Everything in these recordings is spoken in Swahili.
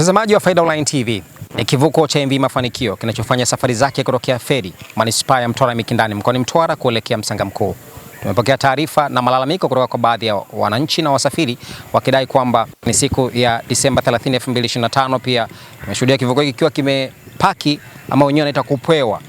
Mtazamaji wa Faida Online TV, ni kivuko cha MV Mafanikio kinachofanya safari zake kutokea feri manispaa ya Mtwara Mikindani mkoani Mtwara kuelekea Msanga Mkuu. Tumepokea taarifa na malalamiko kutoka kwa baadhi ya wananchi na wasafiri wakidai kwamba ni siku ya Disemba 30, 2025. Pia tumeshuhudia kivuko hiki kikiwa kimepaki ama wenyewe wanaita kupewa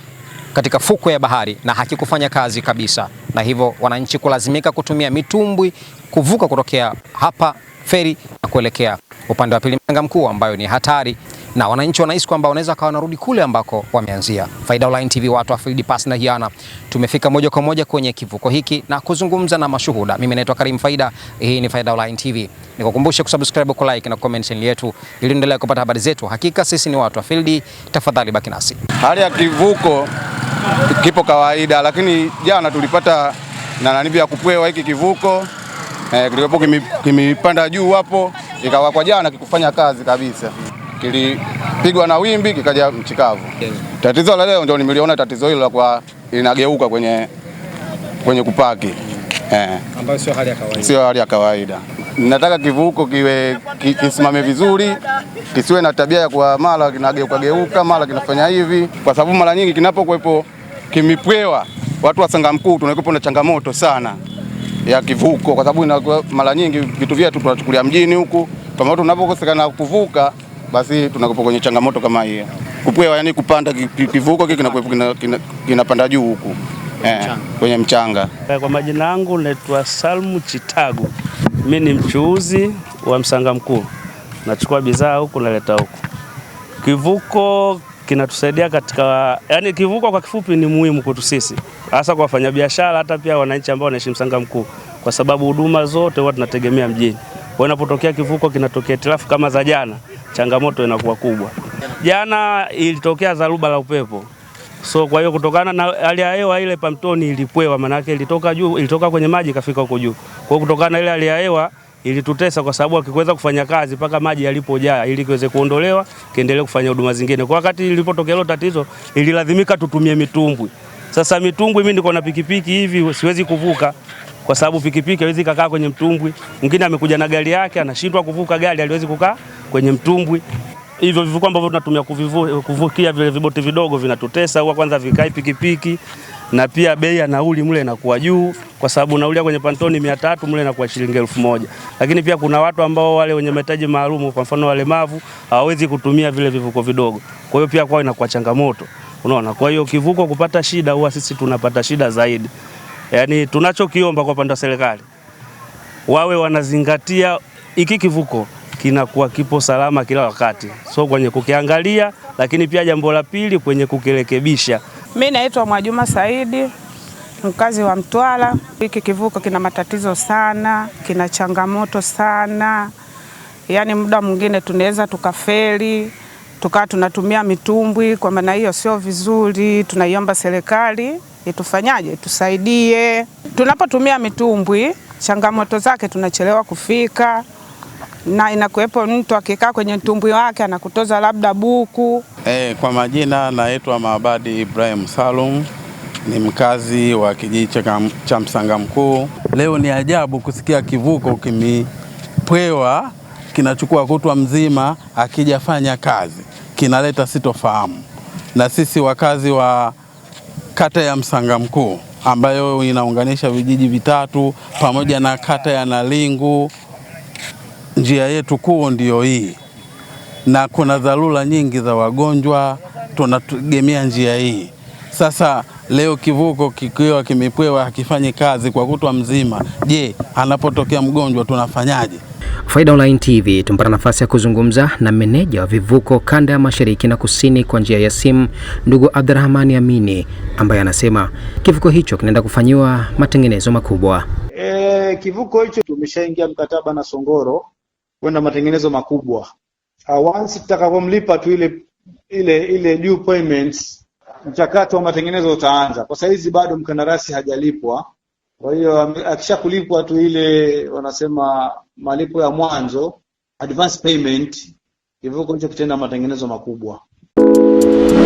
katika fukwe ya bahari na hakikufanya kazi kabisa, na hivyo wananchi kulazimika kutumia mitumbwi kuvuka kutokea hapa feri na kuelekea upande wa pili mchanga mkuu, ambayo ni hatari na wananchi wanahisi kwamba wanaweza kawa wanarudi kule ambako wameanzia. Faida Online TV, watu wa field pass na hiana, tumefika moja kwa moja kwenye kivuko hiki na kuzungumza na mashuhuda. Mimi naitwa Karim Faida, hii ni Faida Online TV. Nikukumbushe kusubscribe, ku like na comment channel yetu ili endelea kupata habari zetu. Hakika sisi ni watu wa field, tafadhali baki nasi. Hali ya kivuko kipo kawaida, lakini jana tulipata na nani vya kupewa hiki kivuko eh, kilikuwa kimipanda juu hapo ikawa kwa jana kikufanya kazi kabisa, kilipigwa na wimbi kikaja mchikavu. Tatizo la leo ndio nimeliona tatizo hilo kwa linageuka kwenye, kwenye kupaki eh, ambayo sio hali ya kawaida, sio hali ya kawaida. Nataka kivuko kiwe kisimame vizuri, kisiwe na tabia ya kuwa mara kinageuka geuka, mara kinafanya hivi, kwa sababu mara nyingi kinapokuwepo kimipwewa watu wa Sangamkuu tunakuwa na changamoto sana ya kivuko, kwa sababu mara nyingi vitu vyetu tunachukulia mjini huku, kwa maana tunapokosekana kuvuka, basi tunakupa kwenye changamoto kama hiyo kupewa, yani kupanda kivuko kile kinapanda juu huku eh, kwenye mchanga. Eh, kwa majina yangu naitwa Salmu Chitagu, mimi ni mchuuzi wa Msanga Mkuu, nachukua bidhaa huku naleta huku kivuko kinatusaidia katika, yani kivuko kwa kifupi ni muhimu kwetu sisi, hasa kwa wafanyabiashara, hata pia wananchi ambao wanaishi Msanga Mkuu, kwa sababu huduma zote huwa tunategemea mjini. Kwa inapotokea kivuko kinatokea hitilafu kama za jana, changamoto inakuwa kubwa. Jana ilitokea dharuba la upepo, so kwa hiyo kutokana na hali ya hewa ile pamtoni ilipwewa, maanake ilitoka juu, ilitoka kwenye maji ikafika huko juu. Kwa hiyo kutokana na ile hali ya hewa ilitutesa kwa sababu akikuweza kufanya kazi mpaka maji yalipojaa ili kiweze kuondolewa kiendelee kufanya huduma zingine. Kwa wakati ilipotokea hilo tatizo, ililazimika tutumie mitumbwi. Sasa mitumbwi, mimi niko na pikipiki hivi, siwezi kuvuka kwa sababu pikipiki haiwezi kukaa kwenye mtumbwi. Mwingine amekuja na gari yake, anashindwa kuvuka gari, aliwezi kukaa kwenye mtumbwi. Hivyo vivuko ambavyo tunatumia kuvukia vile viboti vidogo vinatutesa, huwa kwanza vikai pikipiki na pia bei ya nauli mle inakuwa juu, kwa sababu nauli ya kwenye pantoni mia tatu mle inakuwa shilingi elfu moja. Lakini pia kuna watu ambao wale wenye mahitaji maalum, kwa mfano walemavu, hawawezi kutumia vile vivuko vidogo, kwa hiyo pia kwao inakuwa changamoto, unaona. Kwa hiyo kivuko kupata shida, huwa sisi tunapata shida zaidi. Yaani tunachokiomba kwa upande wa serikali, wawe wanazingatia hiki kivuko kinakuwa kipo salama kila wakati, so kwenye kukiangalia, lakini pia jambo la pili kwenye kukirekebisha mimi naitwa Mwajuma Saidi, mkazi wa Mtwara. Hiki kivuko kina matatizo sana, kina changamoto sana, yaani muda mwingine tunaweza tukafeli tukawa tunatumia mitumbwi. Kwa maana hiyo sio vizuri, tunaiomba serikali itufanyaje, tusaidie. Tunapotumia mitumbwi, changamoto zake tunachelewa kufika na inakuwepo mtu akikaa kwenye mtumbwi wake anakutoza labda buku. E, kwa majina naitwa Maabadi Ibrahim Salum ni mkazi wa kijiji cha Msanga Mkuu. Leo ni ajabu kusikia kivuko kimepwewa, kinachukua kutwa mzima akijafanya kazi, kinaleta sitofahamu. Na sisi wakazi wa kata ya Msanga Mkuu ambayo inaunganisha vijiji vitatu pamoja na kata ya Nalingu njia yetu kuu ndiyo hii, na kuna dharura nyingi za wagonjwa, tunategemea njia hii. Sasa leo kivuko kikiwa kimepwewa hakifanyi kazi kwa kutwa mzima, je, anapotokea mgonjwa tunafanyaje? Faida Online TV tumpata nafasi ya kuzungumza na meneja wa vivuko kanda ya mashariki na kusini kwa njia ya simu, ndugu Abdurahmani Amini, ambaye anasema kivuko hicho kinaenda kufanyiwa matengenezo makubwa. E, kivuko hicho tumeshaingia mkataba na Songoro kwenda matengenezo makubwa. Uh, once tutakapomlipa tu ile ile ile due payments, mchakato wa matengenezo utaanza. Kwa saizi bado mkandarasi hajalipwa, kwa hiyo um, akishakulipwa tu ile wanasema malipo ya mwanzo advance payment, hivyo hicho kitenda matengenezo makubwa